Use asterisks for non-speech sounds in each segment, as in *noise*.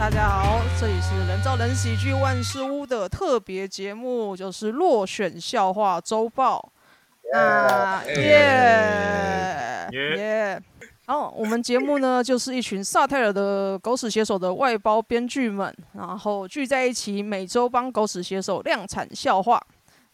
大家好，這裡是人造人喜劇萬事屋的特別節目，就是落選笑話週報。那耶耶，然後我們節目呢，就是一群薩泰爾的狗屎寫手的外包編劇們，然後聚在一起，每週幫狗屎寫手量產笑話。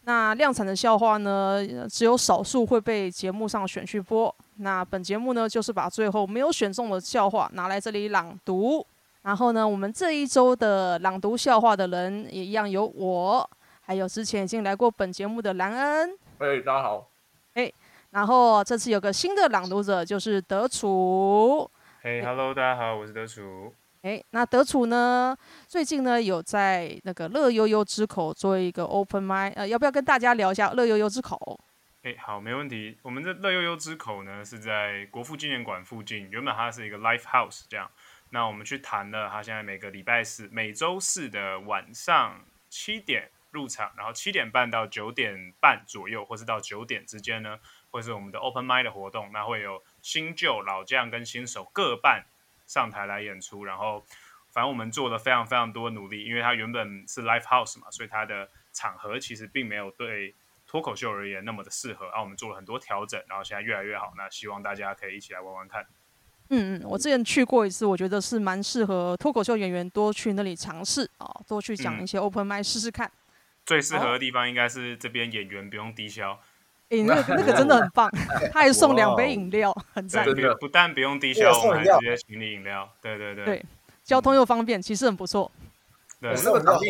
那量產的笑話呢，只有少數會被節目上選去播。那本節目呢，就是把最後沒有選中的笑話拿來這裡朗讀。然後呢，我們這一周的朗讀笑話的人也一樣有我，還有之前已經來過本節目的藍恩。喂，大家好。哎、欸，然後這次有個新的朗讀者就是德礎。hey, hello、欸、大家好，我是德礎。哎、欸，那德礎呢？最近呢有在那個樂悠悠之口做一個 open mic，呃，要不要跟大家聊一下樂悠悠之口？哎、欸，好，沒問題。我們的樂悠悠之口呢是在國父紀念館附近，原本它是一個 life house 這樣。那我們去談了，他現在每個禮拜四、每周四的晚上七點入場，然後七點半到九點半左右，或是到九點之間呢，會是我們的 Open Mic 的活動，那會有新舊老將跟新手各半上台來演出。然後，反正我們做了非常非常多努力，因為他原本是 Live House 嘛，所以他的場合其實並沒有對脫口秀而言那麼的適合啊。我們做了很多調整，然後現在越來越好。那希望大家可以一起來玩玩看。嗯嗯，我之前去過一次，我覺得是蠻適合脫口秀演員多去那裡嘗試啊，多去講一些 open 麥試試看。最適合的地方應該是這邊演員不用低消。哎、哦欸，那個、那個真的很棒，他還送兩杯飲料，很讚。不但不用低消，我們還直接請你飲料。對對對。對，交通又方便，嗯、其實很不錯。對，那個場地，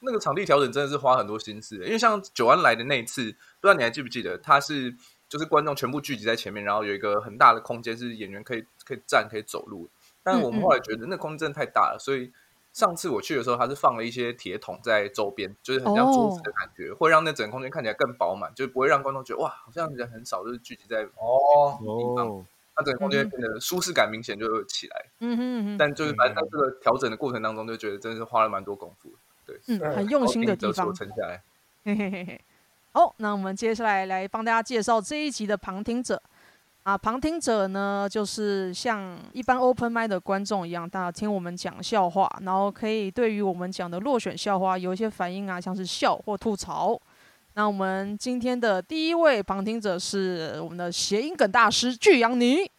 那個場地調整真的是花很多心思的。因為像九安來的那一次，不知道你還記不記得，他是就是觀眾全部聚集在前面，然後有一個很大的空間是演員可以。可以站，可以走路，但是我們後來覺得那個空間真的太大了，嗯嗯，所以上次我去的時候，他是放了一些鐵桶在周邊，就是很像桌子的感覺，哦，會讓那整個空間看起來更飽滿，就是不會讓觀眾覺得哇，好像人很少，就是聚集在哦地方哦，那整個空間變得舒適感明顯就會起來。嗯嗯，但就是反正在這個調整的過程當中，就覺得真的是花了蠻多功夫，對，嗯，很用心的地方對。嘿嘿嘿，好，那我們接下來來幫大家介紹這一集的旁聽者。啊，旁聽者呢，就是像一般 open mic 的觀眾一樣，大家聽我們講笑話，然後可以對於我們講的落選笑話有一些反應啊，像是笑或吐槽。那我們今天的第一位旁聽者是我們的諧音梗大師巨陽尼，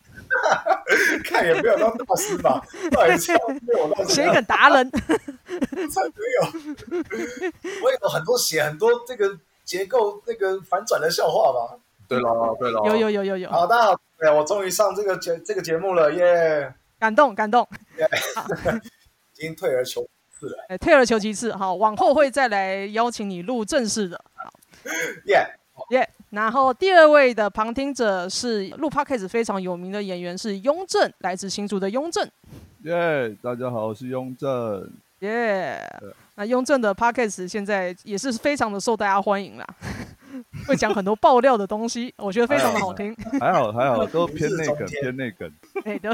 *laughs* 看也沒有當大師吧，不也意沒有當。諧音梗達人， *laughs* 沒有，我有很多寫很多這個結構那個反轉的笑話吧。對了、啊，對了、啊，有有有有有，有，好的，好，哎，我終於上這個節這個節目了耶、yeah，感動感動、yeah， *laughs* 已經退而求其次了，哎，退而求其次，好，往後會再來邀請你錄正式的，耶耶，然後第二位的旁聽者是錄 podcast 非常有名的演員是鏞正，來自新竹的鏞正，耶，大家好，我是鏞正，耶，那鏞正的 podcast 現在也是非常的受大家歡迎啦。 *laughs* 會講很多爆料的東西，我覺得非常的好聽。還好， *laughs* 還,好還好，都偏內梗，偏內梗。對的。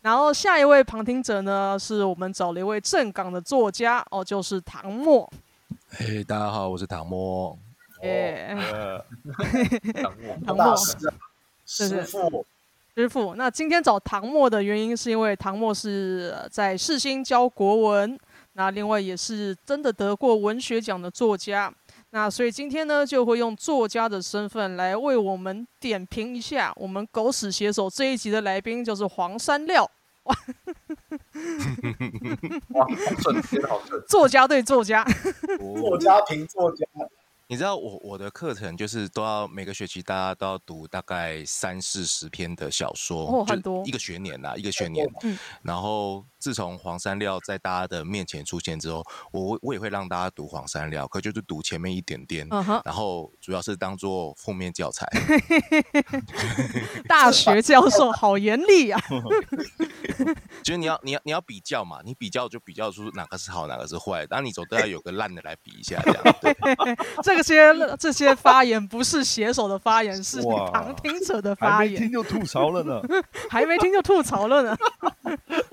然後下一位旁聽者呢，是我們找了一位正港的作家哦，就是唐墨。嘿，大家好，我是唐墨。哎、 *laughs* 哦， *laughs* 唐墨末，唐 *laughs* 墨事、啊， *laughs* 師父，師父。那今天找唐墨的原因，是因為唐墨是在世新教國文，那另外也是真的得過文學獎的作家。那所以今天呢，就會用作家的身份來為我們點評一下。我們狗屎寫手這一集的來賓就是黃山料，哇，好準，的好準。作家對作家， *laughs* 作家評作家。 *laughs* 你知道我我的課程就是都要每個學期大家都要讀大概三四十篇的小說，哦，一個學年啊，很多，一個學年吶，一個學年，然後。自從黃山料在大家的面前出現之後，我我也會讓大家讀黃山料，可就是讀前面一點點，uh -huh. 然後主要是當做負面教材。 *laughs* 大學教授好嚴厲啊！ *laughs* *laughs* 就是你要你要你要比較嘛，你比較就比較出哪個是好，哪個是壞，然後你總都要有個爛的來比一下，這樣。對 *laughs* 這些這些發言不是寫手的發言，是旁聽者的發言，還沒聽就吐槽了呢，還沒聽就吐槽了呢，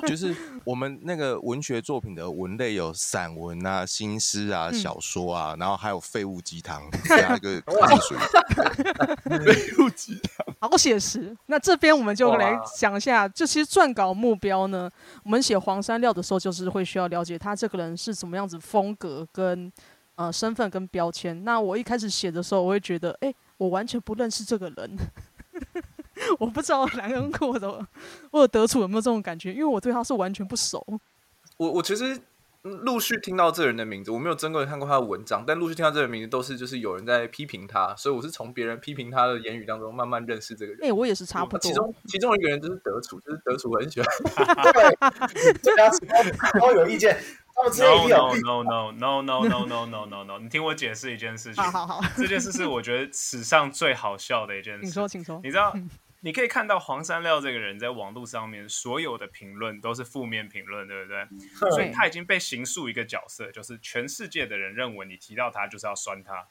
就是。我們那個文學作品的文類有散文啊、新詩啊、嗯、小說啊，然後還有廢物雞湯，加一個口水，廢物雞湯，哦、 *laughs* *laughs* *laughs* *laughs* 好寫實。那這邊我們就來講一下就其實撰稿目標呢。我們寫黃山料的時候，就是會需要了解他這個人是什麼樣子、風格跟呃身份跟標籤。那我一開始寫的時候，我會覺得，哎，我完全不認識這個人。 *laughs* 我不知道藍恩庫的或者德礎有沒有這種感覺，因為我對他是完全不熟。我我其實陸續聽到這人的名字，我沒有真的看過他的文章，但陸續聽到這人的名字都是就是有人在批評他，所以我是從別人批評他的言語當中慢慢認識這個人。哎、欸，我也是差不多。其中其中一個人就是德礎，就是德礎文學，我很喜歡。對，這樣子，有意見。他們只有 no no no no no no no, no, no, no. *laughs* 你聽我解釋一件事情。 *laughs* 好好，好 *laughs* 這件事是我覺得史上最好笑的一件事。你說，請說，你知道？ *laughs* 你可以看到黃山料這個人，在網絡上面所有的評論都是負面評論，對不對，對？所以他已經被形塑一個角色，就是全世界的人認為你提到他就是要酸他。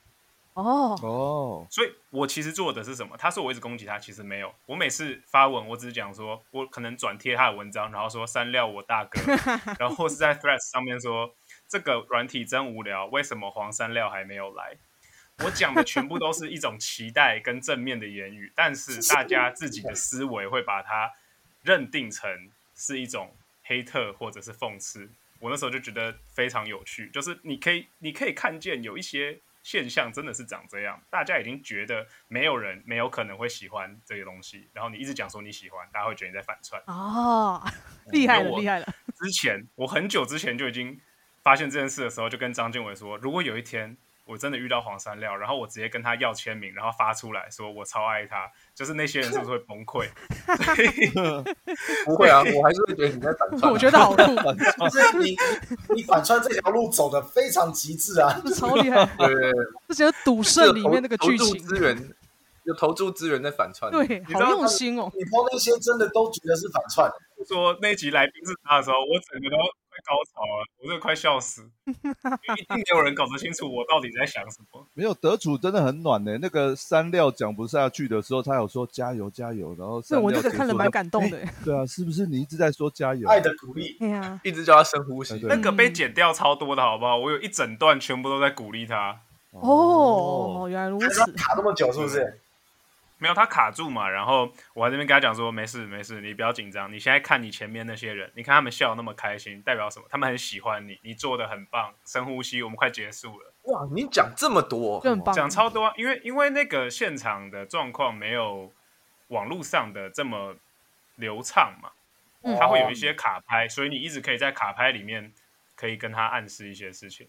哦哦，所以我其實做的是什麼？他說我一直攻擊他，其實沒有。我每次發文，我只是講說我可能轉貼他的文章，然後說山料我大哥， *laughs* 然後是在 Threads 上面說這個軟體真無聊，為什麼黃山料還沒有來？我講的全部都是一種期待跟正面的言語， *laughs* 但是大家自己的思維會把它認定成是一種黑特或者是諷刺。我那時候就覺得非常有趣，就是你可以，你可以看見有一些現象真的是長這樣，大家已經覺得沒有人沒有可能會喜歡這些東西，然後你一直講說你喜歡，大家會覺得你在反串。哦，厲害了，厲害了！之前我很久之前就已經發現這件事的時候，就跟張建偉說，如果有一天。我真的遇到黃山料，然後我直接跟他要簽名，然後發出來說我超愛他，就是那些人是不是會崩潰？ *laughs* 所以 *laughs* 不會啊， *laughs* 我還是會覺得你在反串、啊。我覺得好酷， *laughs* *laughs* 就是你你反串這條路走得非常極致啊，超厲害。對，對，對 *laughs* 這些賭聖裡面那個劇情有投注資源，源在反串，對，好用心哦你。 *laughs* 你拋那些真的都覺得是反串， *laughs* 說那集來賓是他的時候，我整個都。高潮啊！我真的快笑死， *laughs* 一定沒有人搞得清楚我到底在想什麼。 *laughs* 沒有，德礎真的很暖呢。那個山料講不下去的時候他有說加油加油，然後就、嗯、我這個看了蠻感動的、欸。對啊，是不是你一直在說加油？愛的鼓勵， *laughs* 一直叫他深呼吸、啊。那個被剪掉超多的好不好？我有一整段全部都在鼓勵他哦。哦，原來如此，卡這麼久是不是？嗯沒有他卡住嘛，然後我還在那邊跟他講說，沒事沒事，你不要緊張，你現在看你前面那些人，你看他們笑那麼開心，代表什麼？他們很喜歡你，你做的很棒。深呼吸，我們快結束了。哇，你講這麼多，很棒講超多，啊，因為因為那個現場的狀況沒有網絡上的這麼流暢嘛，嗯，他會有一些卡拍，所以你一直可以在卡拍裡面可以跟他暗示一些事情，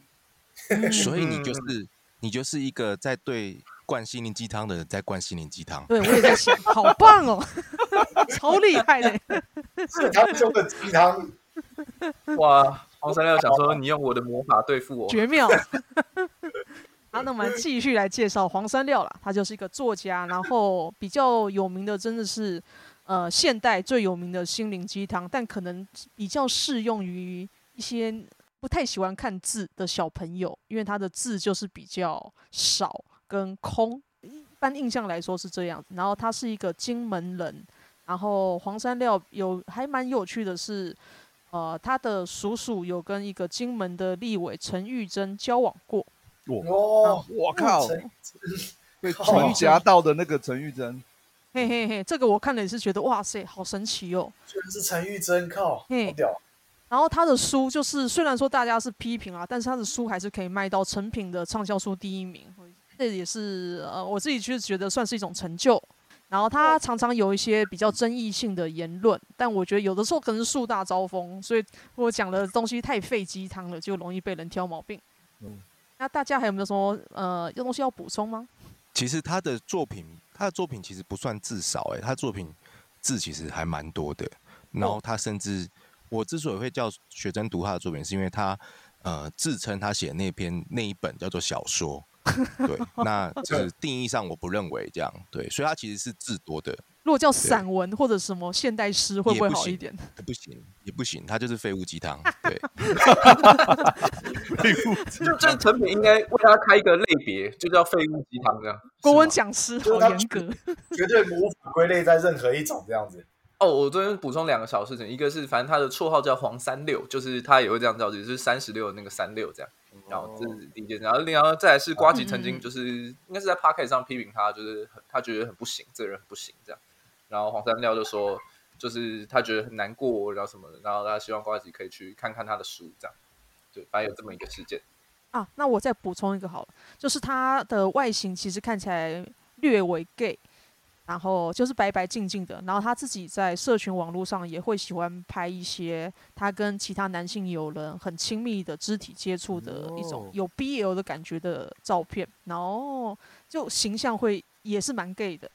*laughs* 所以你就是你就是一個在對。灌心靈雞湯的人在灌心靈雞湯，對我也在想，好棒哦， *laughs* *laughs* 超厲害的，湯中的雞湯， *laughs* 哇！黃山料想說你用我的魔法對付我，絕妙。好， *laughs* 那我們繼續來介紹黃山料啦。他就是一個作家，然後比較有名的真的是，呃，現代最有名的心靈雞湯，但可能比較適用於一些不太喜歡看字的小朋友，因為他的字就是比較少。跟空一般印象來說是這樣子，然後他是一個金門人，然後黃山料有，有還蠻有趣的是，呃，他的叔叔有跟一個金門的立委陳玉珍交往過。哦啊、哇！我靠！被夾到的那個陳玉珍。嘿嘿嘿，這個我看了也是覺得哇塞，好神奇哦。居然是陳玉珍，靠、好屌哦，然後他的書就是雖然說大家是批評啊，但是他的書還是可以賣到成品的暢銷書第一名。這也是呃，我自己就是覺得算是一種成就。然後他常常有一些比較爭議性的言論，但我覺得有的時候可能是樹大招風，所以我講的東西太費雞湯了，就容易被人挑毛病。嗯，那大家還有沒有什麼呃東西要補充嗎？其實他的作品，他的作品其實不算字少，欸，哎，他的作品字其實還蠻多的。然後他甚至我之所以會叫學生讀他的作品，是因為他呃自稱他寫的那篇那一本叫做小說。 *laughs* 對，那就是定義上我不認為這樣，對，所以它其實是字多的。如果叫散文或者什麼現代詩，會不會好一點？不行，也不行，它就是廢物雞湯。對，廢物。就這、是、成品應該為它開一個類別，就叫廢物雞湯這樣。國文講師好嚴格，就是絕，絕對無法歸類在任何一種這樣子。哦，我昨天補充兩個小事情，一個是反正他的綽號叫黃三六，就是他也會這樣叫，也、就是三十六那個三六這樣。然後這是第一件，哦，然後另外再來是呱吉曾經就是嗯嗯應該是在 Podcast 上批評他，就是他覺得很不行，這個人很不行這樣。然後黃三六就說，就是他覺得很難過，然後什麼的，然後他希望呱吉可以去看看他的書這樣。對，反正有這麼一個事件。嗯、啊，那我再補充一個好了，就是他的外形其實看起來略為 gay。然後就是白白淨淨的，然後他自己在社群網絡上也會喜歡拍一些他跟其他男性友人很親密的肢體接觸的一種有 BL 的感覺的照片，然後就形象會也是蠻 gay 的，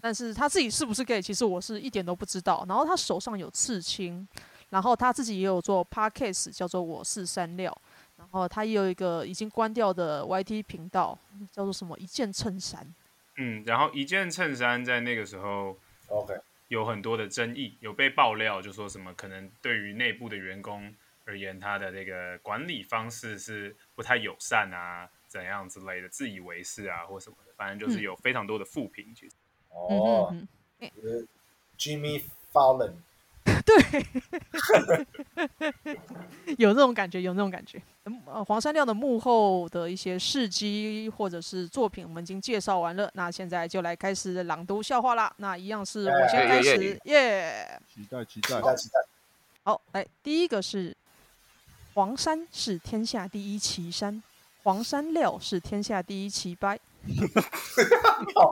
但是他自己是不是 gay，其實我是一點都不知道。然後他手上有刺青，然後他自己也有做 podcast 叫做我是山料，然後他也有一個已經關掉的 YT 頻道叫做什麼一件襯衫。嗯，然後一件襯衫在那個時候，OK，有很多的爭議，有被爆料就說什麼可能對於內部的員工而言，他的這個管理方式是不太友善啊，怎樣之類的，自以為是啊，或什麼的，反正就是有非常多的負評、嗯、哦、嗯，就是 Jimmy Fallon。 *laughs* 對 *laughs* *laughs* 有那種感覺，有那種感覺。呃、嗯，黃山料的幕後的一些事跡或者是作品，我們已經介紹完了。那現在就來開始朗讀笑話啦。那一樣是我先開始，耶、yeah, yeah, yeah, yeah. yeah.！期待，期待，好，來第一個是黃山是天下第一奇山，黃山料是天下第一奇掰。 *laughs* *laughs* *laughs* Okay . *laughs* *laughs* *laughs* 我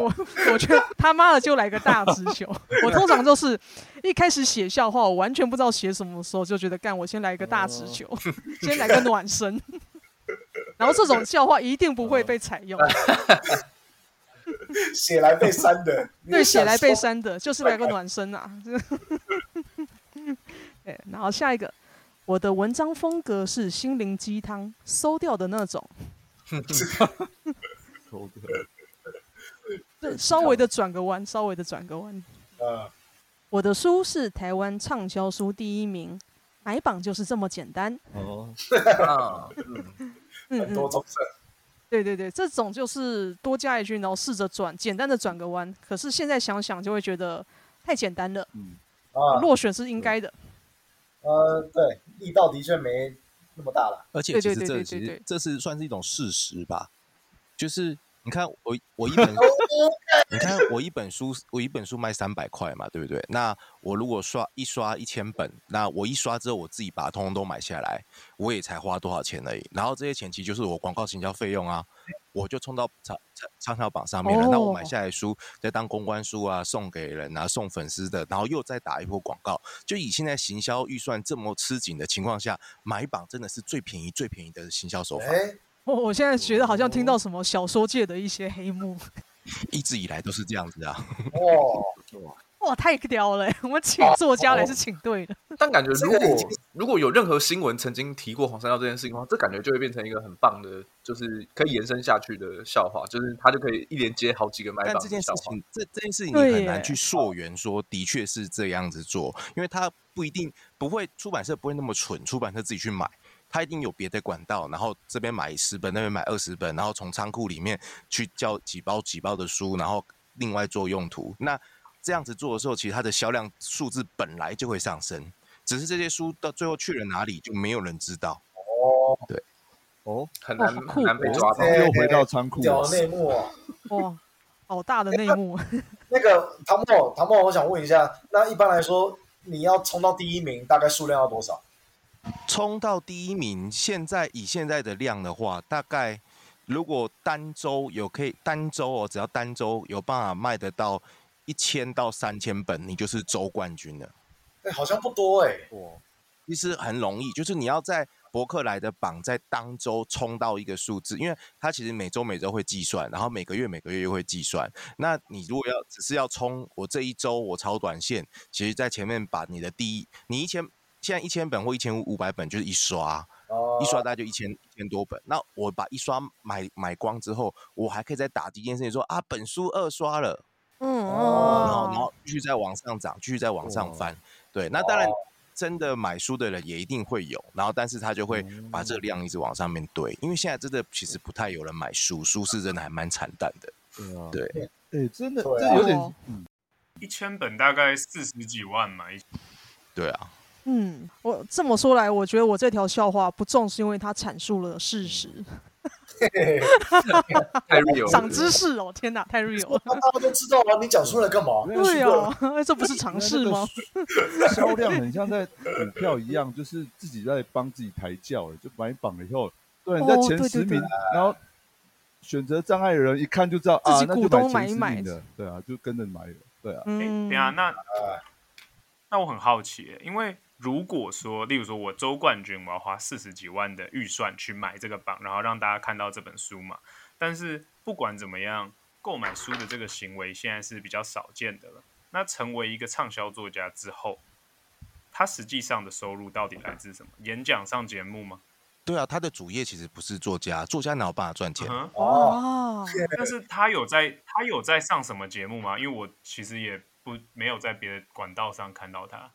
哦！我覺得他媽的就來個大直球。我通常就是一開始寫笑話，我完全不知道寫什麼的時候就覺得幹，我先來一個大直球，先來個暖身。然後這種笑話一定不會被採用，寫來被刪的。對，寫來被刪的，就是來個暖身啊。對，啊、然後下一個。我的文章風格是心靈雞湯，餿掉的那種。 *laughs* 對，稍微的轉個彎，稍微的轉個彎。啊。我的書是台灣暢銷書第一名，買榜就是這麼簡單。哦， *laughs* *laughs* 嗯嗯對對對，這種就是多加一句，然後試着轉，簡單的轉個彎。可是現在想想，就會覺得太簡單了。嗯啊，落選是應該的。呃，對，力道的確沒那麼大了，而且其實這其實這是算是一種事實吧，就是。你看我我一本， *laughs* 你看我一本書，我一本書賣三百塊嘛，對不對？那我如果刷一刷一千本，那我一刷之後，我自己把它通通都買下來，我也才花多少錢而已。然後這些錢其實就是我廣告行銷費用啊，我就衝到暢暢暢銷榜上面了。哦、那我買下來的書再當公關書啊，送給人啊，送粉絲的，然後又再打一波廣告。就以現在行銷預算這麼吃緊的情況下，買一榜真的是最便宜、最便宜的行銷手法。欸我現在覺得好像聽到什麼小說界的一些黑幕，oh. 一直以來都是這樣子啊！哇哇，太屌了！我們請作家來是請對的？但感覺如果、這個、如果有任何新聞曾經提過黃山料這件事情的話，這感覺就會變成一個很棒的，就是可以延伸下去的笑話，就是它就可以一連接好幾個買方。但這件事情，這這件事情你很難去溯源，說的確是這樣子做，因為他不一定不會出版社不會那麼蠢，出版社自己去買。他一定有別的管道，然後這邊買十本，那邊買二十本，然後從倉庫裡面去叫幾包幾包的書，然後另外做用途。那這樣子做的時候，其實它的銷量數字本來就會上升，只是這些書到最後去了哪裡，就沒有人知道。哦，對，哦，很難、啊、很難被抓到，哎哎哎又回到倉庫、啊。屌的內幕哦。 *laughs* 哇，好大的內幕，欸，那。那個唐墨，唐墨，我想問一下，那一般來說，你要衝到第一名，大概數量要多少？衝到第一名，現在以現在的量的話，大概如果單周有可以單周哦，只要單周有辦法賣得到一千到三千本，你就是周冠軍了。誒、欸，好像不多哎。哦，其實很容易，就是你要在博客來的榜在當周衝到一個數字，因為它其實每周每周會計算，然後每個月每個月又會計算。那你如果要只是要衝，我這一周我超短線，其實，在前面把你的第一，你以前。現在一千本或一千五百本就是一刷，uh, 一刷大概就一千一千多本。那我把一刷買買光之後，我還可以再打第一件事情說啊，本書二刷了，嗯、uh.，然後然後繼續再往上漲，繼續再往上翻。Uh. 對，那當然真的買書的人也一定會有，然後但是他就會把這個量一直往上面堆，因為現在真的其實不太有人買書，書是真的還蠻慘淡的。Uh. 對，哎，真的這有點、啊嗯，一千本大概四十幾萬嘛，對啊。嗯，我這麼說來，我覺得我這條笑話不重，是因為它闡述了事實。嘿嘿太 real，漲 *laughs* 知識哦！天哪，太 real。那大家都知道了，你講出來幹嘛？對啊，這不是常事嗎 *laughs* 銷？銷量很像在股票一樣，就是自己在幫自己抬轎了，就買榜了以後，對，哦、在前十名對對對對，然後選擇障礙的人一看就知道自己股東啊，那就買的買的，對啊，就跟着買了，對啊。嗯、欸。啊，那那我很好奇，因為。如果說，例如說我周冠軍，我要花四十幾萬的預算去買這個榜，然後讓大家看到這本書嘛。但是不管怎麼樣，購買書的這個行為現在是比較少見的了。那成為一個暢銷作家之後，他實際上的收入到底來自什麼？演講、上節目嗎？對啊，他的主業其實不是作家，作家哪有辦法賺錢？嗯、哦，哦，但是他有在，他有在上什麼節目嗎？因為我其實也不沒有在別的管道上看到他。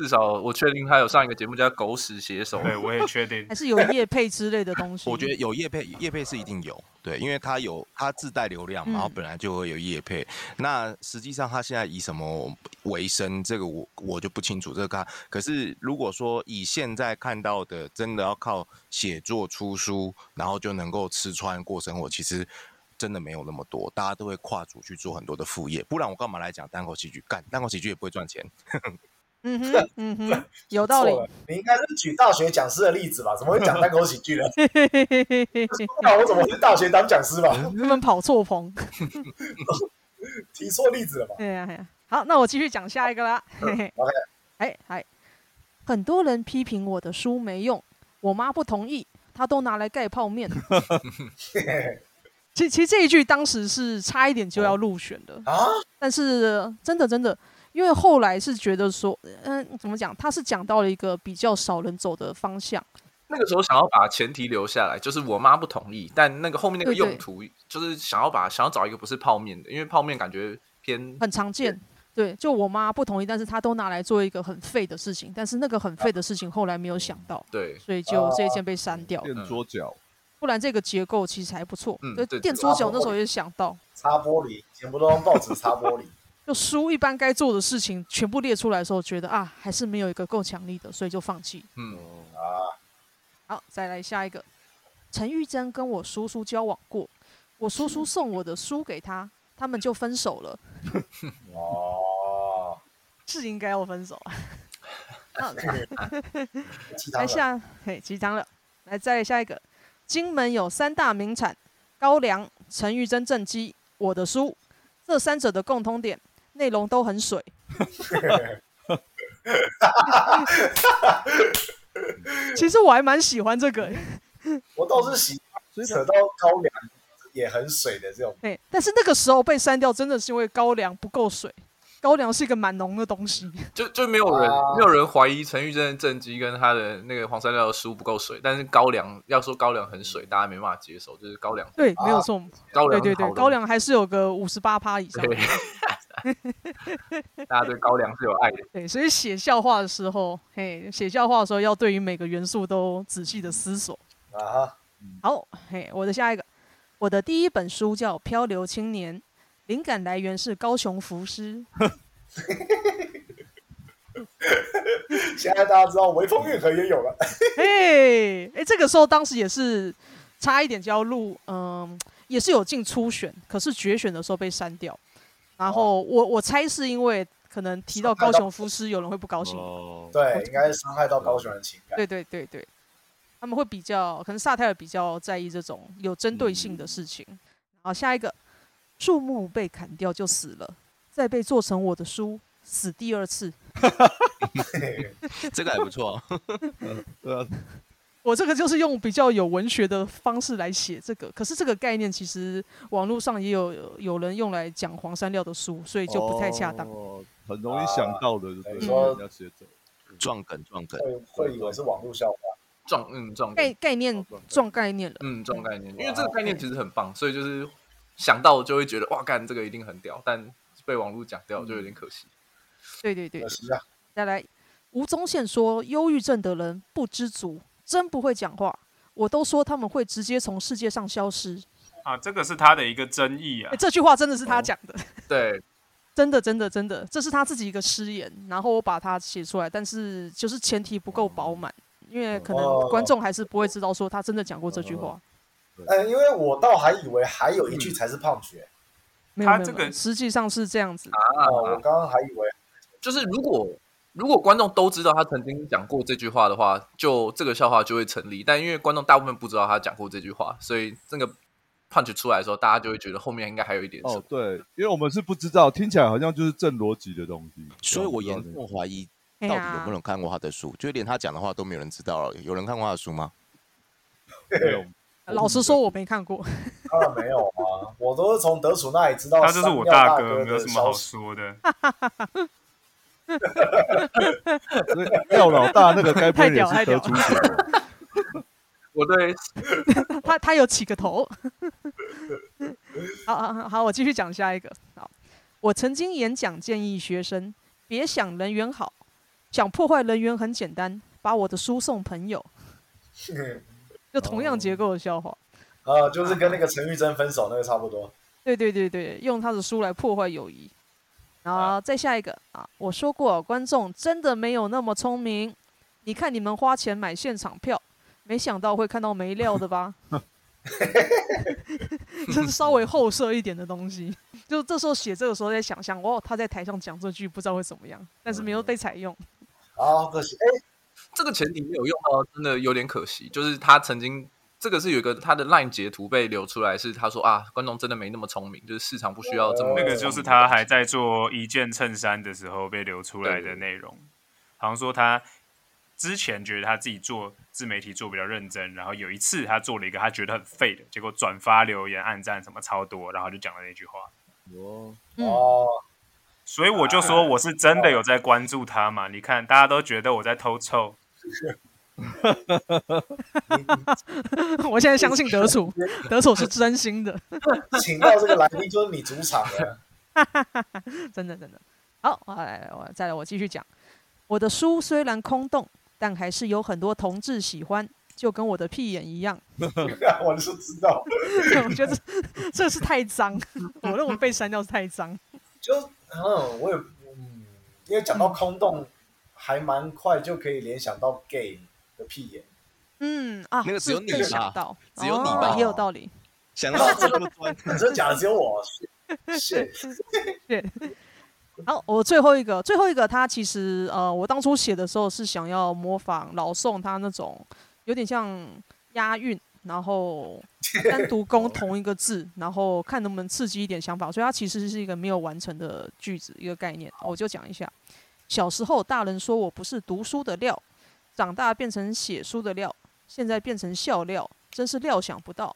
至少我確定他有上一個節目叫《狗屎寫手》，對，我也確定 *laughs* 還是有業配之類的東西。 *laughs* 我覺得有業配，業配是一定有，對，因為他有他自帶流量，然後本來就會有業配，嗯。那實際上他現在以什麼為生，這個我我就不清楚。這個看。可是如果說以現在看到的，真的要靠寫作出書，然後就能夠吃穿過生活，其實真的沒有那麼多。大家都會跨組去做很多的副業，不然我幹嘛來講單口喜劇？幹單口喜劇也不會賺錢。呵呵嗯哼，嗯哼， *laughs* 有道理。你應該是舉大學講師的例子吧？怎麼會講單口喜劇？嘿，那我怎麼去大學當講師吧？你是不是跑錯棚，提錯例子了吧？對 *laughs* 呀，yeah, yeah. 好，那我繼續講下一個啦。 *laughs* OK，哎、hey, hey，很多人批評我的書沒用，我媽不同意，她都拿來蓋泡面。 *laughs* yeah. 其實，其實這一句當時是差一點就要入選的啊！ *laughs* 但是，呃、真的真的，真的。因為後來是覺得說，嗯，怎麼講？他是講到了一個比較少人走的方向。那個時候想要把前提留下來，就是我媽不同意。但那個後面那個用途，就是想要把對對想要找一個不是泡麵的，因為泡麵感覺偏很常見對。對，就我媽不同意，但是她都拿來做一個很廢的事情。但是那個很廢的事情後來沒有想到，啊、對，所以就這一件被刪掉。啊、墊桌腳，不然這個結構其實還不錯。嗯，對，墊桌腳那時候也想到。擦玻璃，全部都用報紙擦玻璃。 *laughs* 就書一般該做的事情全部列出來的時候，覺得啊，還是沒有一個夠強力的，所以就放棄。嗯啊，好，再來下一個，陳玉珍跟我叔叔交往過，我叔叔送我的書給他，他們就分手了。哦、嗯， *laughs* 是應該要分手啊。嗯， *laughs* *laughs* 哈哈哈來下，嘿，其他了，來再來下一個，金門有三大名產：高粱、陳玉珍、正畸、我的書。這三者的共通點。內容都很水， *laughs* *laughs* *laughs* 其實我還蠻喜歡這個、欸。 *laughs* 我倒是喜歡，扯到高粱也很水的這種。對、欸，但是那個時候被刪掉，真的是因為高粱不夠水。高粱是一個蠻濃的東西，就就沒有人、啊、沒有人懷疑陳玉珍的政績跟他的那個黃山料的食物不夠水。但是高粱要說高粱很水、嗯，大家沒辦法接受，就是高粱高對沒有錯、啊，高粱高對，對對，高粱還是有個五十八趴以上。 *laughs* *laughs* 大家對高粱是有愛的，對，所以寫笑話的時候，嘿，寫笑話的時候要對於每個元素都仔細的思索啊、嗯。好，嘿，我的下一個，我的第一本書叫《漂流青年》，靈感來源是高雄浮屍。 *laughs* *laughs* 現在大家知道，微風運河也有了。哎 *laughs* 哎、欸，這個時候當時也是差一點就要錄，嗯，也是有進初選，可是決選的時候被刪掉。然後我、oh. 我猜是因為可能提到高雄浮屍，有人會不高興，不高興 oh. 對，應該是傷害到高雄人情感。對對對對，他們會比較可能薩泰爾比較在意這種有針對性的事情、嗯。好，下一個，樹木被砍掉就死了，再被做成我的書，死第二次。 *laughs* *laughs* 這個還不錯。 *laughs* 我這個就是用比較有文學的方式來寫這個，可是這個概念其實網絡上也有有人用來講黃山料的書，所以就不太恰當。哦、很容易想到的，是、啊、說你要直接走撞梗撞梗，會會以,以為是網絡笑話撞嗯撞概概念撞、哦、概念了概念嗯撞概念，因為這個概念其實很棒，所以就是想到就會覺得哇幹這個一定很屌，但被網絡講掉就有點可惜。嗯、對對對，可惜啊。再來，吳宗憲說：憂鬱症的人不知足。真不會講話，我都說他們會直接從世界上消失啊！這個是他的一個爭議啊。欸、這句話真的是他講的，哦？對， *laughs* 真的真的真的，這是他自己一個失言，然後我把它寫出來，但是就是前提不夠飽滿，因為可能觀眾還是不會知道說他真的講過這句話。呃、哦哦哦哦哦哦，哎，因為我倒還以為還有一句才是 punch，欸，他、嗯、這個沒沒沒實際上是這樣子啊，啊，啊！我剛剛還以為，就是如果。如果觀眾都知道他曾經講過這句話的話，就這個笑話就會成立。但因為觀眾大部分不知道他講過這句話，所以這個 punch 出來的時候，大家就會覺得後面應該還有一點什麼、哦、對，因為我們是不知道，聽起來好像就是正邏輯的東西，所以我嚴重懷疑到底有沒有人看過他的書、啊，就連他講的話都沒有人知道了。有人看過他的書嗎？嘿嘿 *laughs* 老實說，我沒看過、 *laughs* 啊。沒有啊，我都是從德礎那裡知道。他就是我大哥，大哥，沒有什麼好說的。 *laughs* 哈 *laughs* 哈 *laughs* 所以料老大那個該不會是 *laughs* 我對 *laughs* 他他有起個頭。 *laughs* 好，好，好，好，我繼續講下一個。好，我曾經演講建議學生別想人緣好，想破壞人緣很簡單，把我的書送朋友。 *laughs* 就同樣結構的笑話啊、哦呃，就是跟那個陳玉珍分手那個差不多。 *laughs* 對對對對，用他的書來破壞友誼。後、啊啊、再下一個啊！我說過，觀眾真的沒有那麼聰明。你看，你們花錢買現場票，沒想到會看到沒料的吧？ *laughs* *laughs* 就是稍微厚色一點的東西。 *laughs* 就這時候寫，這個時候在想象，哦，他在台上講這句，不知道會怎麼樣，但是沒有被採用。好可惜，這個前提沒有用哦、啊，真的有點可惜。就是他曾經。這個是有一個他的 Line 截圖，被流出來，是他說啊，觀眾真的沒那麼聰明，就是市場不需要這麼那個，就是他還在做一件襯衫的時候被流出來的內容。對對對，好像說他之前覺得他自己做自媒體做比較認真，然後有一次他做了一個他覺得很廢的，結果轉發、留言、按讚，什麼超多，然後就講了那句話。哦哦、嗯啊，所以我就說我是真的有在關注他嘛。啊、你看大家都覺得我在偷臭。 *laughs* *laughs* 你 *laughs* 我現在相信德礎， *laughs* 德礎是真心的。請到這個來賓就是你主場了，真的真的。好，好來我再來，我繼續講。我的書雖然空洞，但還是有很多同志喜歡，就跟我的屁眼一樣。我是知道，我覺得這是太髒， *laughs* 我認為被刪掉是太髒。就嗯，我也，嗯，因為講到空洞，嗯、還蠻快就可以聯想到 gay 嗯啊，那個只有你吧，只有你吧，也有道理。想到這麼多，你說假的只有我。是是是。好， *laughs* 然後我最後一個，最後一個，他其實呃，我當初寫的時候是想要模仿老宋他那種有點像押韻，然後單獨攻同一個字， *laughs* 然後看能不能刺激一點想法。所以他其實是一個沒有完成的句子，一個概念。我就講一下：小時候，大人說我不是讀書的料。長大變成寫書的料，現在變成笑料，真是料想不到。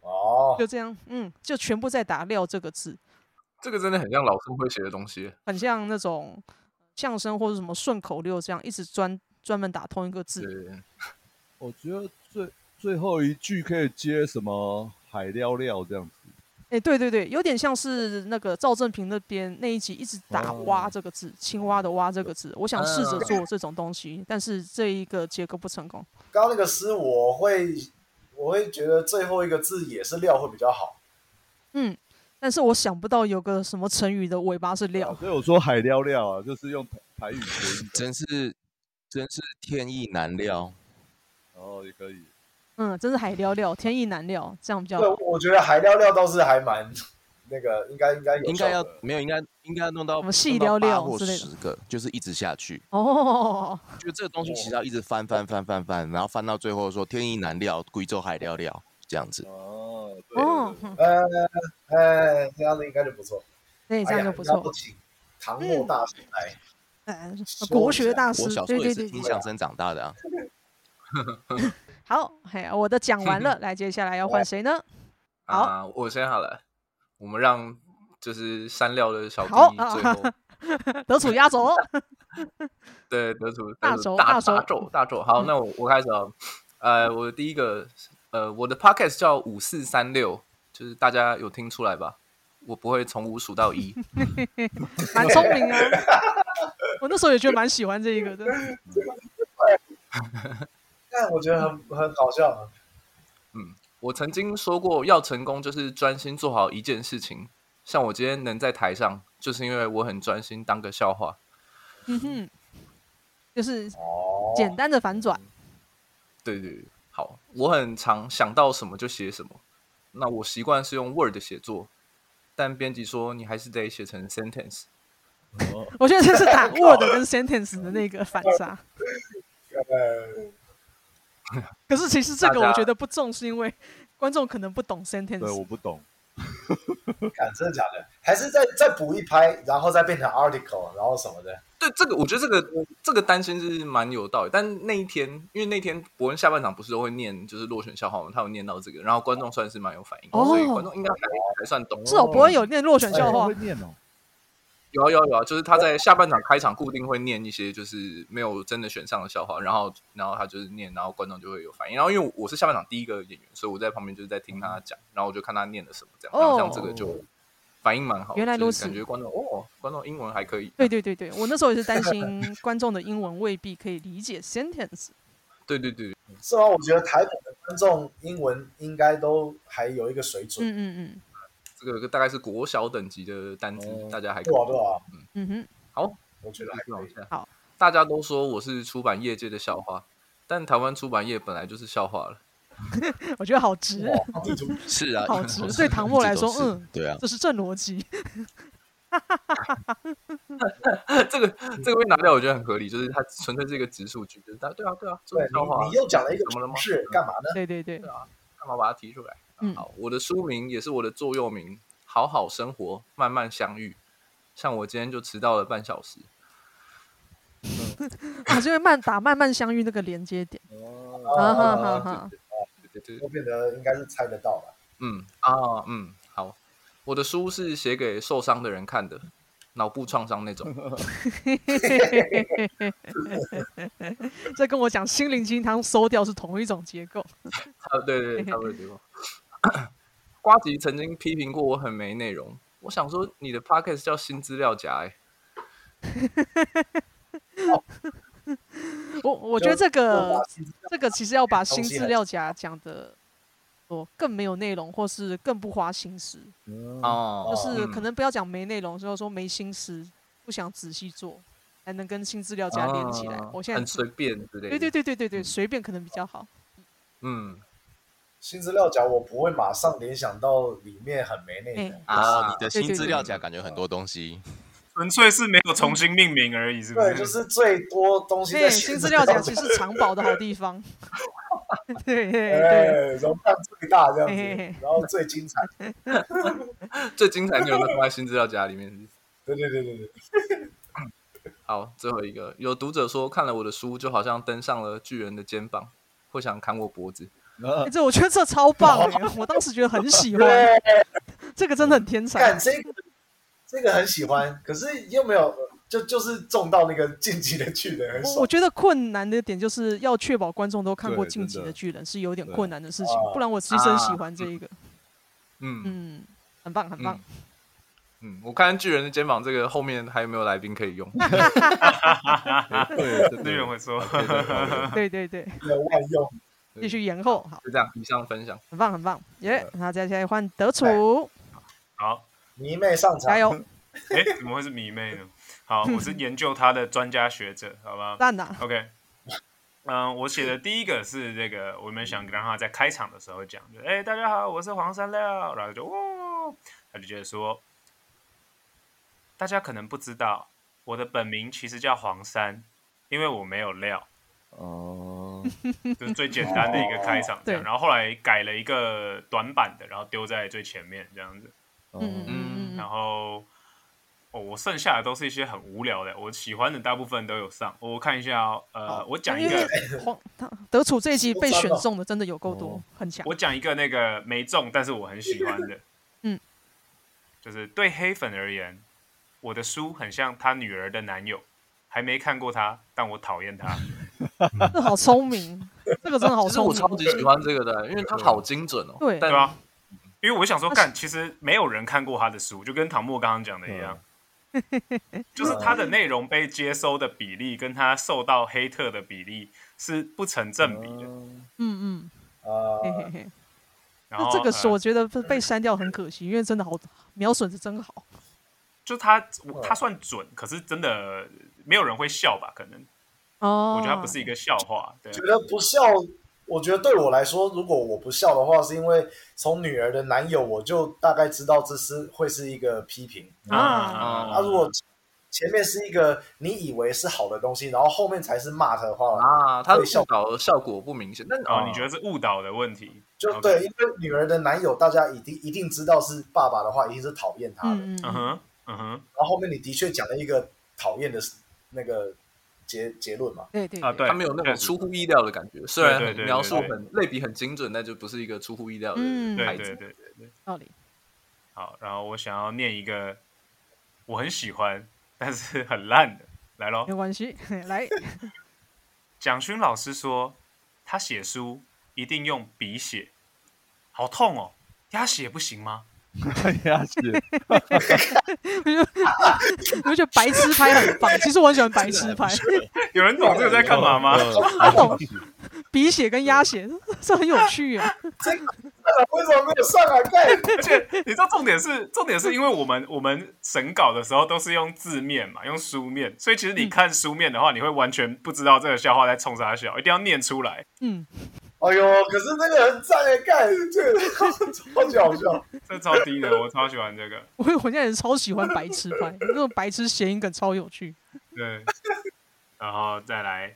哦，就這樣，嗯，就全部在打“料”這個字。這個真的很像老師會寫的東西，很像那種相聲或者什麼順口溜，這樣一直專專門打通一個字。對，我覺得最最後一句可以接什麼“海料料”這樣子。哎、欸，對對對，有點像是那個趙正平那邊那一集一直打“蛙”這個字，哦、青蛙的“蛙”這個字，我想試着做這種東西，哎、但是這一個結構不成功。剛剛那個詩，我會，我會覺得最後一個字也是料會比較好。嗯，但是我想不到有個什麼成語的尾巴是料，啊、所以我說海料料啊，就是用台語。真是，真是天意難料。然後、哦、也可以。嗯，真是海料料，天意難料，這樣比較好。對，我覺得海料料倒是還蠻那個，應該應該應該要沒有，應該應該要弄到什麼細料料之類的或十個，就是一直下去哦。就這個東西，其實要一直翻翻翻翻翻，然後翻到最後說天意難料，貴州海料料這樣子哦。哦，呃，呃，這樣子、哦，對對對，哦，欸欸、這樣應該就不錯。那、欸、你這樣就不錯。哎、唐墨大師來？嗯，國學大師，對對對對。我小時候也是聽相聲長大的啊。對對對 *laughs* 好，嘿，我的講完了，來，接下來要換誰呢？ *laughs* 、啊？好，我先好了，我們讓就是山料的小弟最後，啊、 *laughs* *laughs* 德礎壓壓軸， *laughs* 對，德礎壓軸，大軸，大軸，好，那我我開始啊， *laughs* 呃，我的第一個，呃，我的 podcast 叫五四三六，就是大家有聽出來吧？我不會從五數到一，蠻 *laughs* 聰明，啊、 *laughs* *laughs* 明啊，我那時候也覺得蠻喜歡這一個的。 *laughs* 但我覺得很、嗯、很搞笑、啊。嗯，我曾經說過，要成功就是專心做好一件事情。像我今天能在台上，就是因為我很專心當個笑話。嗯哼，就是簡單的反轉。哦嗯、對對對，好，我很常想到什麼就寫什麼。那我習慣是用 Word 寫作，但編輯說你還是得寫成 Sentence。哦、 *laughs* 我覺得這是打 Word 跟 Sentence 的那個反差。 *laughs* 嗯 *laughs* 可是其實這個我覺得不重，是因為觀眾可能不懂 sentence。對，我不懂 *laughs* *laughs* 真的假的？還是再再補一拍，然後再變成 article，然後什麼的？對，這個我覺得這個這個擔心是蠻有道理。但是那一天，因為那天博恩下半場不是都會念，就是落選笑話嘛，他有念到這個，然後觀眾算是蠻有反應，哦、所以觀眾應該還、哦、還算懂。至少，博恩有念落選笑話，哎，會念哦有啊、有啊、有啊！就是他在下半場開場固定會念一些，就是沒有真的選上的笑話，然後然後他就是念，然後觀眾就會有反應。然後因為我,我是下半場第一個演員，所以我在旁邊就是在聽他講，然後我就看他念了什麼這樣，這樣像這個就反應蠻好、哦就是。原來如此，感覺觀眾哦，觀眾英文還可以。對對對對， *laughs* 我那時候也是擔心觀眾的英文未必可以理解 sentence。 *laughs* 對,對對對，是啊，我覺得台北的觀眾英文應該都還有一個水準。嗯嗯,嗯。這個大概是國小等級的單詞、哦，大家還多、啊啊、嗯、嗯哼，好，我覺得還蠻好。好，大家都說我是出版業界的笑話，但台灣出版業本來就是笑話了。 *laughs* 我覺得好值，是啊，好值。對 *laughs* 唐墨來說， *laughs* 嗯，對啊，這是正邏輯。 *laughs* *laughs* 這個這個被拿掉，我覺得很合理，就是它純粹是一個值數據，就是大家對啊對啊，對啊對啊對笑話。你又講了一個什麼了嗎？是幹、幹嘛呢？對對對、對、啊、幹嘛把它提出來？嗯、好，我的書名也是我的座右銘：好好生活，慢慢相遇。像我今天就遲到了半小時，我、 *laughs* 啊、就會慢打慢慢相遇那個連接點。哦、啊，好好好好，變、啊、得、啊啊、應該是猜得到吧？嗯啊嗯，好，我的書是寫給受傷的人看的，腦、嗯、部創傷那種。 *laughs* *laughs* *laughs* *laughs* 這跟我講心靈雞湯收掉是同一種結構。啊， *laughs* 對對，對，差不多結構。瓜 *laughs* 吉曾經批評過我很沒內容，我想說，你的 podcast 是叫新資料夾哎、欸 *laughs* 哦，我我覺得這個這個其實要把新資料夾講得更沒有內容，或是更不花心思哦、嗯，就是可能不要講沒內容，嗯、就是、說沒心思，不想仔細做，才能跟新資料夾連起來。嗯、我現在很隨便對不對，對對對對對，隨、嗯、便可能比較好。嗯。新資料夾，我不會馬上聯想到裡面很沒內容啊、欸、啊。你的新資料夾感覺很多東西，純粹是沒有重新命名而已，是不是？對，就是最多東西。對、欸，新資料夾其實是藏寶的好地方。 *laughs* 對對對，對，對對對，容量最大這樣子，然後最精彩、欸， *laughs* 最精彩，就有放在新資料夾裡面是不是？對對對對對。好，最後一個，有讀者說看了我的書，就好像登上了巨人的肩膀，會想砍我脖子。呃欸、這個、我覺得這超棒、哦，我當時覺得很喜歡，這個真的很天才、啊這個。這個很喜歡，可是又沒有，就就是中到那個進擊的巨人。我我覺得困難的點就是要確保觀眾都看過《進擊的巨人是的的》是有點困難的事情，不然我其實、啊、喜歡這一個。嗯嗯，嗯，很棒很棒。嗯、我看《巨人的肩膀》這個後面還有沒有來賓可以用？ *laughs* *laughs* 對，對對，對對有要 *laughs* 用。繼續延後，好，就這樣。以上分享，很棒，很棒。耶、yeah，好，接下來換德礎。好，迷妹上場，加油。哎，怎麼會是迷妹呢？好，我是研究它的專家學者， *laughs* 好吧？蛋蛋。OK，嗯，我寫的第一個是這個，我們想讓他在開場的時候講，就哎，大家好，我是黃山料，然後就嗚，他就覺得說，大家可能不知道，我的本名其實叫黃山，因為我沒有料。哦、uh... *laughs* 就是最簡單的一個開場這樣，uh... 然後後來改了一個短版的，然後丟在最前面這樣子。Uh... 嗯嗯然後，哦，我剩下的都是一些很無聊的。我喜歡的大部分都有上，我看一下、哦、呃，uh... 我講一個， *laughs* 德礎這一集被選中的真的有夠多，uh... 很強。我講一個那個沒中，但是我很喜歡的。嗯， *laughs* 就是對黑粉而言，我的書很像他女兒的男友，還沒看過他，但我討厭他。 *laughs* *laughs* 這好聰聰明， *laughs* 這個真的好聰明。我超級喜歡這個的，因為它好精準哦。對啊，因為我想說，幹、啊，其實沒有人看過他的書，就跟唐墨剛剛講的一樣，嗯，就是他的內容被接收的比例跟他受到黑特的比例是不成正比的。嗯嗯，啊、嗯嗯，那這個是我覺得被刪掉很可惜，嗯，因為真的好瞄準是真好，就他他算準，可是真的沒有人會笑吧？可能。哦、oh.，我覺得他不是一個笑話。對，覺得不笑，我覺得對我來說，如果我不笑的話，是因為從女兒的男友，我就大概知道這是會是一個批評、oh. 啊。啊，那如果前面是一個你以為是好的東西，然後後面才是罵他的話、oh. 他笑話啊，他的誤導效果不明顯。那、oh. 你覺得是誤導的問題？就對，okay. 因為女兒的男友，大家一定一定知道是爸爸的話，一定是討厭他的。嗯哼，嗯哼。然後後面你的確講了一個討厭的，那個。結結論嘛，對對啊，對他沒有那種出乎意料的感覺，雖然很描述很類比很精準，那就不是一個出乎意料的牌子、嗯。對對對對，對對，道理。好，然後我想要念一個我很喜歡，但是很爛的，來嘍。沒關係，來。蔣 *laughs* 勳老師說，他寫書一定用筆寫，好痛哦，鴨血不行嗎？鴨 *laughs* 鴨血 *laughs* 你就，我 *laughs* 覺得白痴拍很棒， *laughs* 其實我很喜歡白痴拍。 *laughs* 有人懂這個在幹嘛嗎？ *laughs* 對對對對 *laughs* 鼻血跟鴨血 *laughs* 是很有趣啊。啊這個、為什麼沒有上來看？ *laughs* 而且，你知道重點是，重點是因為我們我們審稿的時候都是用字面嘛，用書面，所以其實你看書面的話，嗯、你會完全不知道這個笑話在衝啥笑，一定要念出來。嗯。哎呦！可是那個很讚哎，幹這個超搞笑， *laughs* 這超低的，我超喜歡這個。我我現在也超喜歡白痴拍， *laughs* 這種白痴諧音梗超有趣。對，然後再來，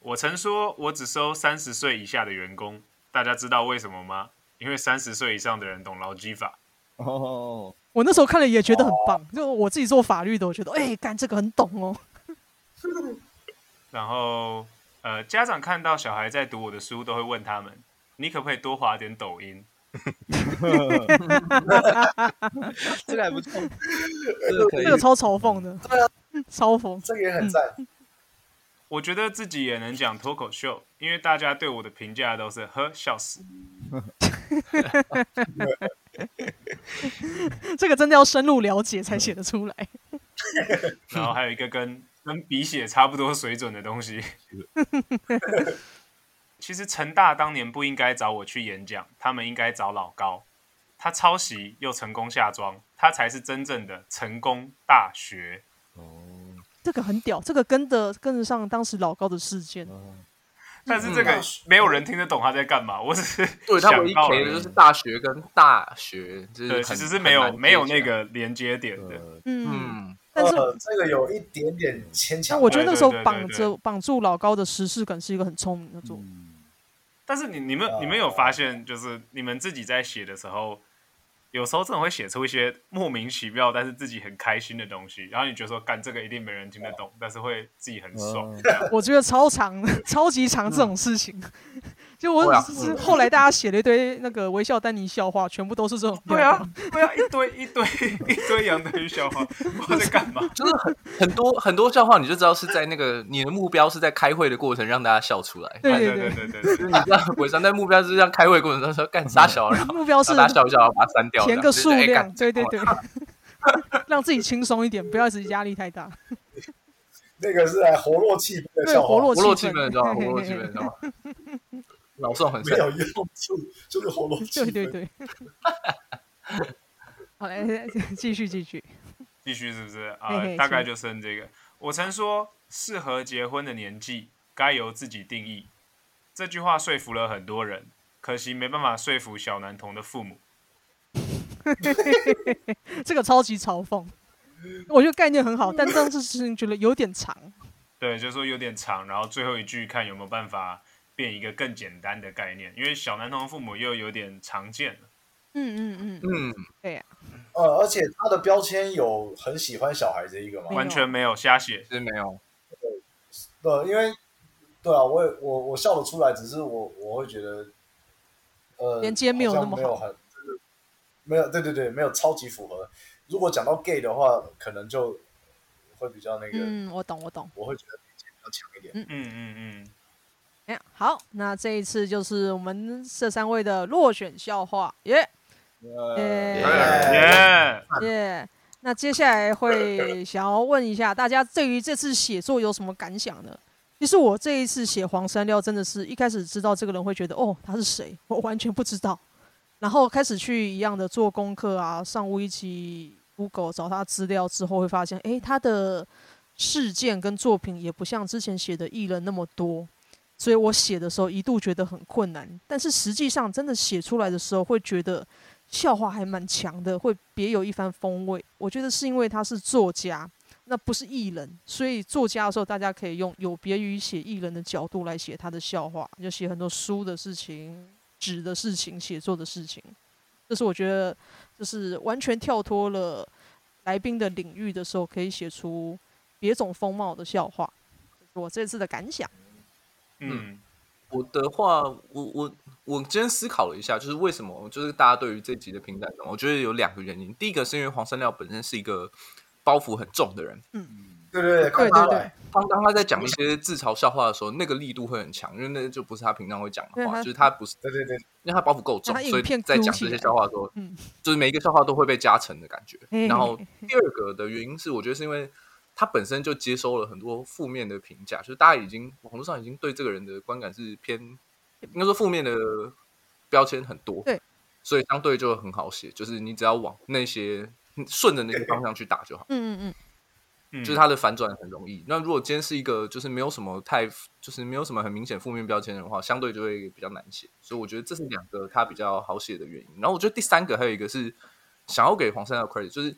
我曾說，我只收三十歲以下的員工，大家知道為什麼嗎？因為三十歲以上的人懂勞基法。哦、oh, oh,，oh. 我那時候看了也覺得很棒，oh. 就我自己做法律的，我覺得哎，幹、欸、這個很懂哦。 *laughs* 然後。呃，家長看到小孩在讀我的書，都會問他們：“你可不可以多滑點抖音？” *laughs* *laughs* 這個還不錯、 *laughs* 這個， *laughs* 這個超嘲諷的，超嘲諷。這個也很讚、嗯。我覺得自己也能講脫口秀，因為大家對我的評價都是“呵，笑死” *laughs* *laughs* *laughs* 這個真的要深入了解才寫得出來。 *laughs* 然後還有一個跟。跟鼻血差不多水準的東西。 *laughs* *laughs* 其實成大當年不應該找我去演講，他們應該找老高。他抄襲又成功下莊，他才是真正的成功大學。哦、這個很屌，這個跟得跟得上當時老高的事件。嗯啊、但是這個沒有人聽得懂他在幹嘛，嗯啊、我只是對他唯一提的就是大學跟大學，就是、對，其實是沒有沒有那個連接點的，嗯。嗯但是這個有一點點牽強。我覺得那時候綁着對對對對對綁住老高的時事梗是一個很聰明的做、嗯。但是你你們你們有發現，就是你們自己在寫的時候，有時候真的會寫出一些莫名其妙，但是自己很開心的東西。然後你覺得說，幹這個一定沒人聽得懂，但是會自己很爽。嗯、我覺得超長，超級長這種事情。嗯就我是後來大家寫了一堆那個微笑丹尼笑話，全部都是這種。對啊，對啊，一堆一堆一堆楊丹尼笑話，我在幹嘛？ *laughs* 就是很很多很多笑話，你就知道是在那個，你的目標是在開會的過程讓大家笑出來。對對對對，對，對，你知道微笑丹尼目標是讓開會的過程中說幹啥小、嗯，目標是傻小笑，笑把它刪掉，填個數量就就、欸，對對對， *laughs* *laughs* 讓自己輕鬆一點，不要自己壓力太大。 *laughs* 那個是活絡氣氛的笑，活絡氣氛你知道嗎？活絡氣氛你知道嗎？ *laughs* *laughs* 老少很沒就好就是喉嚨對對對， *laughs* *laughs* 好嘞，繼續繼續，繼續是不是啊嘿嘿？大概就是這個嘿嘿。我曾說，適合結婚的年紀該由自己定義。這句話說服了很多人，可惜沒辦法說服小男童的父母。 *laughs* *laughs* *laughs* *laughs* 這個超級嘲諷，我覺得概念很好，但當這事情覺得有點長。 *laughs* 對，就是、說有點長，然後最後一句看有沒有辦法。變一個更簡單的概念，因為小男童父母又有點常見，嗯嗯嗯嗯，對呀、啊。呃，而且他的標籤有很喜歡小孩子一個嗎？完全沒有下寫，瞎寫是沒有。對、呃呃、因為對啊，我我我笑得出來，只是我我會覺得，呃，連接沒有那麼好好沒有、就是、沒有對對對，沒有超級符合。如果講到 gay 的話，可能就會比較那個。嗯，我懂我懂。我會覺得連接比較強一點。嗯嗯嗯。嗯嗯 Yeah. 好，那這一次就是我們這三位的落選笑話耶耶耶耶。Yeah. Yeah. Yeah. Yeah. Yeah. 那接下來會想要問一下大家，對於這次寫作有什麼感想呢？其實我這一次寫黃山料真的是一開始知道這個人會覺得哦，他是誰？我完全不知道。然後開始去一樣的做功課啊，上維基、Google 找他資料之後，會發現誒、欸，他的事件跟作品也不像之前寫的藝人那麼多。所以我寫的時候一度覺得很困難，但是實際上真的寫出來的時候，會覺得笑話還蠻強的，會別有一番風味。我覺得是因為他是作家，那不是藝人，所以作家的時候，大家可以用有別於寫藝人的角度來寫他的笑話，就寫很多書的事情、紙的事情、寫作的事情。這、就是我覺得，就是完全跳脫了來賓的領域的時候，可以寫出別種風貌的笑話。就是、我這次的感想。嗯，我的話，我我我今天思考了一下，就是為什麼，就是大家對於這集的評價，我覺得有兩個原因。第一個是因為黃山料本身是一個包袱很重的人，嗯，對對對對他對，對對。當對。他在講一些自嘲笑話的時候，嗯，那個力度會很強，因為那就不是他平常會講的話，就是他不是對對對，因為他包袱夠重，所以在講這些笑話的時候，嗯，就是每一個笑話都會被加成的感覺。嗯，然後第二個的原因是，我覺得是因為。他本身就接收了很多負面的評價，就是大家已經網絡上已經對這個人的觀感是偏應該說負面的標籤很多，對，所以相對就很好寫，就是你只要往那些順着那些方向去打就好，嗯嗯嗯，就是它的反轉很容易、嗯。那如果今天是一個就是沒有什麼太就是沒有什麼很明顯負面標籤的話，相對就會比較難寫。所以我覺得這是兩個他比較好寫的原因。然後我覺得第三個還有一個是想要給黃山料 credit，就是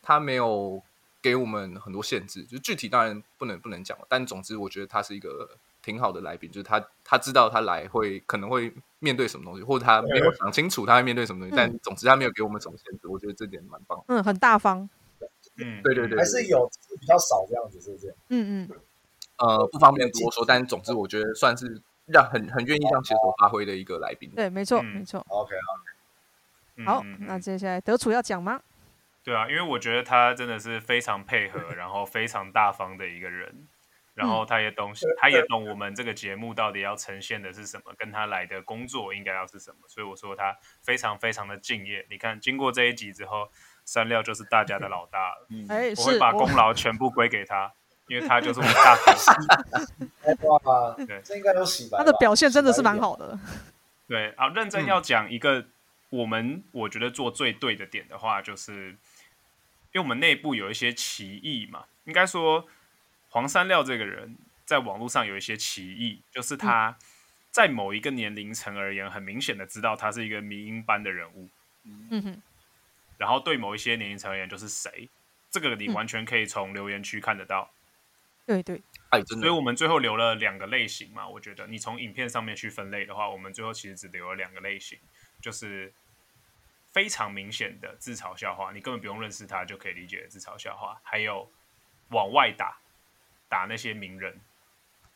他沒有。給我們很多限制，就具體當然不能不能講，但總之我覺得他是一個挺好的來賓，就是他他知道他來會可能會面對什麼東西，或者他沒有想清楚他會面對什麼東西，嗯、但總之他沒有給我們什麼限制，我覺得這點蠻棒，嗯，很大方，嗯，對對對，還是有比較少這樣子，是不是？嗯嗯，呃，不方便多說，但總之我覺得算是讓很很願意讓寫手發揮的一個來賓，嗯，對，沒錯，沒錯，嗯、okay，OK 好，嗯，那接下來德礎要講嗎？對啊，因為我覺得他真的是非常配合，然後非常大方的一個人，然後他也懂，嗯、他也懂我們這個節目到底要呈現的是什麼，跟他來的工作應該要是什麼，所以我說他非常非常的敬業。你看，經過這一集之後，山料就是大家的老大了。嗯，是我會把功勞全部歸給他，因為他就是我們大。 *laughs* *laughs* 對，這應該都洗白了。他的表現真的是蠻好的。對啊，認真要講一個我們我覺得做最對的點的話，嗯、就是。因為我們內部有一些歧義嘛，應該說黃山料這個人，在網絡上有一些歧義，就是他在某一個年齡層而言，很明顯的知道他是一個迷因般的人物，嗯哼，然後對某一些年齡層而言就是誰，這個你完全可以從留言區看得到，對對，對、哎真的，所以我們最後留了兩個類型嘛，我覺得你從影片上面去分類的話，我們最後其實只留了兩個類型，就是。非常明顯的自嘲笑話，你根本不用認識他就可以理解自嘲笑話。還有往外打打那些名人，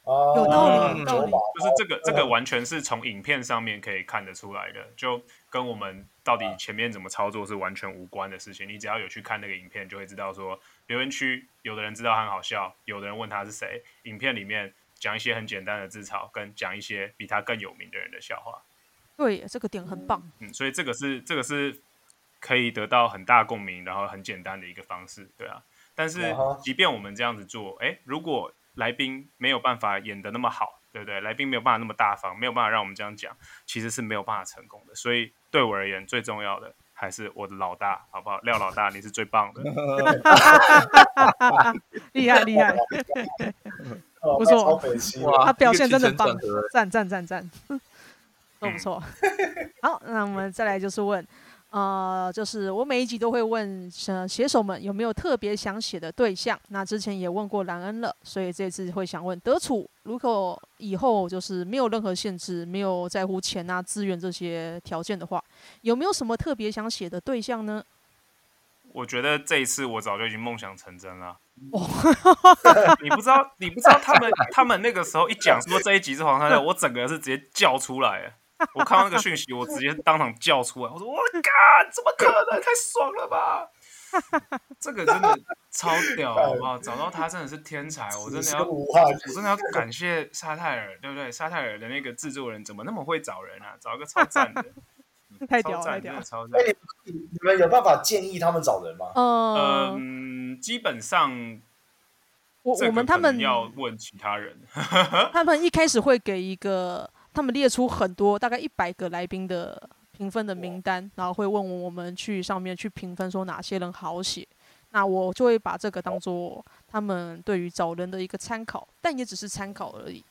有道理，有道理，就是這個這個完全是從影片上面可以看得出來的，Oh. 就跟我們到底前面怎麼操作是完全無關的事情。你只要有去看那個影片，就會知道說，留言區有的人知道他很好笑，有的人問他是誰，影片裡面講一些很簡單的自嘲，跟講一些比他更有名的人的笑話。對，這個點很棒。嗯，嗯，所以這個是這個是可以得到很大共鳴，然後很簡單的一個方式。對啊，但是即便我們這樣子做，哎，如果來賓沒有辦法演得那麼好，對不對？來賓沒有辦法那麼大方，沒有辦法讓我們這樣講，其實是沒有辦法成功的。所以對我而言，最重要的還是我的老大，好不好？料老大，你是最棒的，厲 *laughs* 害 *laughs* 厲害，厲害 *laughs* *laughs* 啊，不錯，他表現真的棒，讚讚讚讚。都不錯， *laughs* 好，那我們再來就是問，呃，就是我每一集都會問、呃、寫手們有沒有特別想寫的對象。那之前也問過蘭恩了，所以這次會想問德礎，如果以後就是沒有任何限制，沒有在乎錢啊資源這些條件的話，有沒有什麼特別想寫的對象呢？我覺得這一次我早就已經夢想成真了。 *laughs* *laughs* 哦，你不知道，你不知道他們 *laughs* 他們那個時候一講說這一集是黃山料，我整個人是直接叫出來了。 *laughs* 我看到那個訊息，我直接當場叫出來，我說：“我幹，怎麼可能？太爽了吧！ *laughs* 這個真的超屌好不好？找到他真的是天才， *laughs* 我真的要，我真的要感謝沙泰爾，對不對？沙 *laughs* 泰爾的那個製作人怎麼那麼會找人啊？找一個超讚的， *laughs* 的，太屌了，真的超讚！你們有辦法建議他們找人嗎？嗯、呃，基本上，我我們他們要問其他人，們他，們 *laughs* 他們一開始會給一個。他們列出很多，大概一百個來賓的評分的名單，然後會問我們去上面去評分，說哪些人好寫。那我就會把這個當做他們對於找人的一個參考，但也只是參考而已。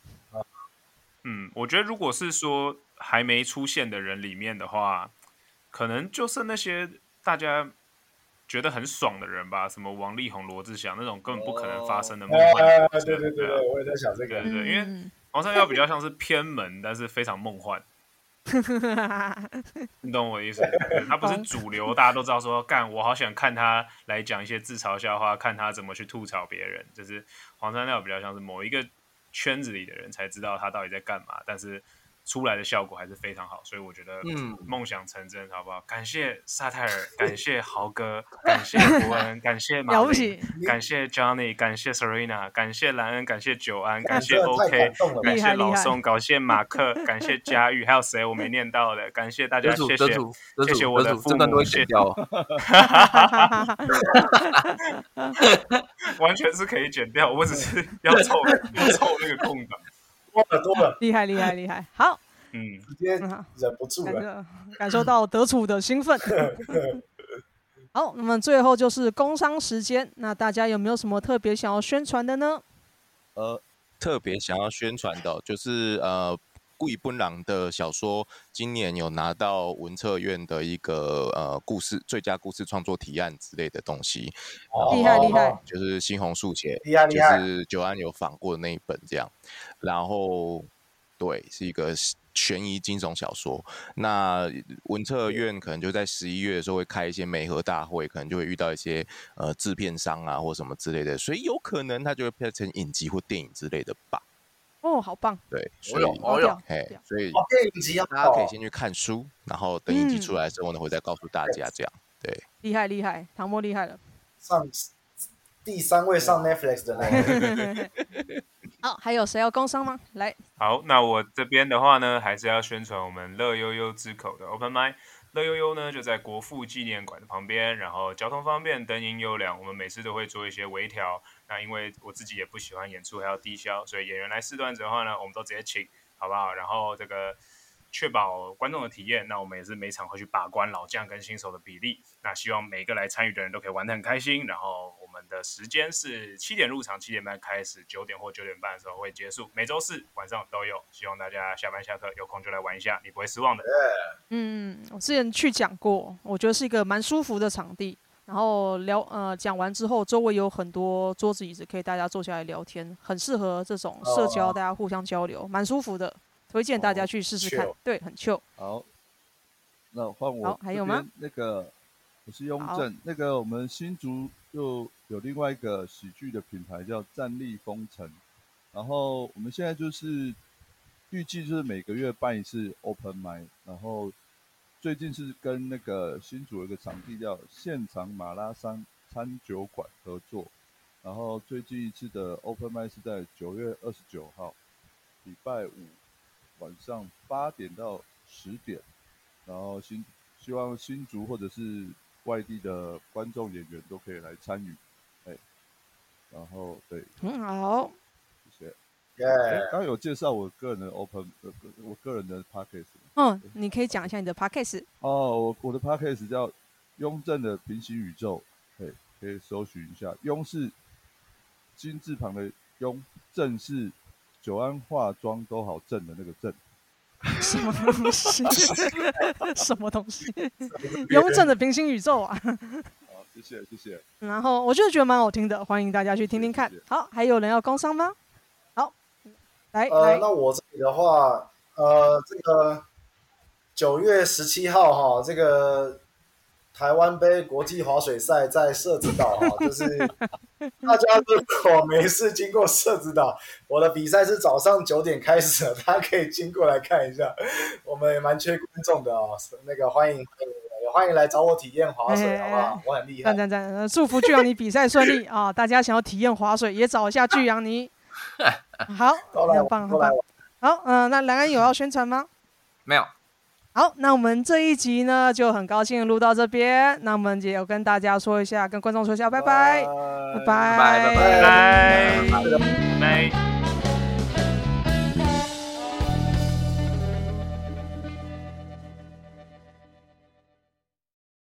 嗯，我覺得如果是說還沒出現的人裡面的話，可能就是那些大家覺得很爽的人吧，什麼王力宏、羅志祥那種根本不可能發生的夢。夢、哦。呃、對，對，對對對，我也在想這個，對，對，對，因為。嗯嗯黃山料比較像是偏門，但是非常夢幻，你 *laughs* 懂我意思。他不是主流，大家都知道說幹，我好想看他來講一些自嘲笑話，看他怎麼去吐槽別人。就是黃山料比較像是某一個圈子裡的人才知道他到底在幹嘛，但是。出來的效果還是非常好，所以我覺得，嗯，夢想成真，好不好？嗯、感謝薩泰爾，感謝豪哥， *laughs* 感謝伯恩，感謝了不起，感謝 Johnny，感謝 Serena，感謝藍恩，感謝九安、OK,，感謝 OK，感謝老宋，感謝馬克，感謝佳玉，還有誰我沒念到的？感謝大家，謝謝，謝謝我的父母，掉謝謝 *laughs* *laughs* *laughs* *laughs* *laughs* 完全是可以剪掉，我只是要湊，湊那個空檔。 *laughs* 多了多了啊、厲害厲害厲害，好，嗯，今天忍不住了，感受到德礎的興奮。 *laughs* *laughs* 好，那麼最後就是工商時間，那大家有沒有什麼特別想要宣傳的呢？呃，特別想要宣傳的就是呃，貴不郎的小說，今年有拿到文策院的一個呃故事最佳故事創作提案之類的東西。厲害厲害，就是《新紅樹結》，就是九安有訪過的那一本這樣。然後，對，是一個懸疑驚悚小說。那文策院可能就在十一月的時候會開一些媒合大會，可能就會遇到一些呃制片商啊或什麼之類的，所以有可能它就會拍成影集或電影之類的吧。哦，好棒，對，所以，我有哦、有我有所以影集、哦、大家可以先去看書，然後等影集出來之後、嗯，我會再告訴大家這樣。對，厲害厲害，唐墨厲害了，上第三位上 Netflix 的那個。 *laughs* *laughs* 好，還有誰要工商嗎？來，好，那我這邊的話呢，還是要宣傳我們樂悠悠之口的 Open Mic。樂悠悠呢就在國父紀念館的旁邊，然後交通方便，燈音優良。我們每次都會做一些微調。那因為我自己也不喜歡演出還要低消，所以演員來試段子的話呢，我們都直接請，好不好？然後這個確保觀眾的體驗，那我們也是每場會去把關老將跟新手的比例。那希望每一個來參與的人都可以玩得很開心，然後。我們的時間是七點入場，七點半開始，九點或九點半的時候會結束。每周四晚上都有，希望大家下班下課有空就來玩一下，你不會失望的。Yeah. 嗯，我之前去講過，我覺得是一個蠻舒服的場地。然後聊呃講完之後，周圍有很多桌子椅子，可以大家坐下來聊天，很適合這種社交，大家互相交流，蠻、oh, oh. 舒服的。推薦大家去試試看，oh, chill. 對，很 chill。好，那換我好。還有嗎？那個我是雍正。那個我們新竹又。有另外一個喜劇的品牌叫“站立風城”，然後我們現在就是預計就是每個月辦一次 Open Mic，然後最近是跟那個新竹一個場地叫“現場馬拉山餐酒館”合作，然後最近一次的 Open Mic 是在九月二十九號，禮拜五晚上八點到十點，然後新希望新竹或者是外地的觀眾演員都可以來參與。然後對，很好、哦，謝謝。剛剛有介紹我個人的 Open、呃、我個人的 package 嗯，你可以講一下你的 package 哦，我我的 package 叫鏞正的平行宇宙，可以可以搜尋一下。鏞是金字旁的雍，正是九安化妝都好正的那個正。什麼東西？ *laughs* *laughs* 什麼東西麼？鏞正的平行宇宙啊！謝謝謝謝，然後我就覺得蠻好聽的，歡迎大家去聽聽看。謝謝。好，還有人要工商嗎？好，來呃，來那我這裡的話，呃，這個九月十七號哈，這個台灣杯國際滑水賽在社子島啊， *laughs* 就是大家如果沒事經過社子島， *laughs* 我的比賽是早上九點開始的，大家可以經過來看一下，我們也蠻缺觀眾的啊、喔，那個歡迎。歡迎來找我體驗滑水，好不好？欸、我很厲害。讚讚讚！祝福巨陽尼比賽順利啊、 *laughs* 哦！大家想要體驗滑水也找一下巨陽尼。 *laughs* 好，非常棒，好吧？好，嗯、呃，那藍恩有要宣傳嗎？沒有。好，那我們這一集呢，就很高興錄到這邊，那我們也要跟大家說一下，跟觀眾說一下，拜拜，拜拜，拜拜，拜、拜。拜拜拜拜拜拜。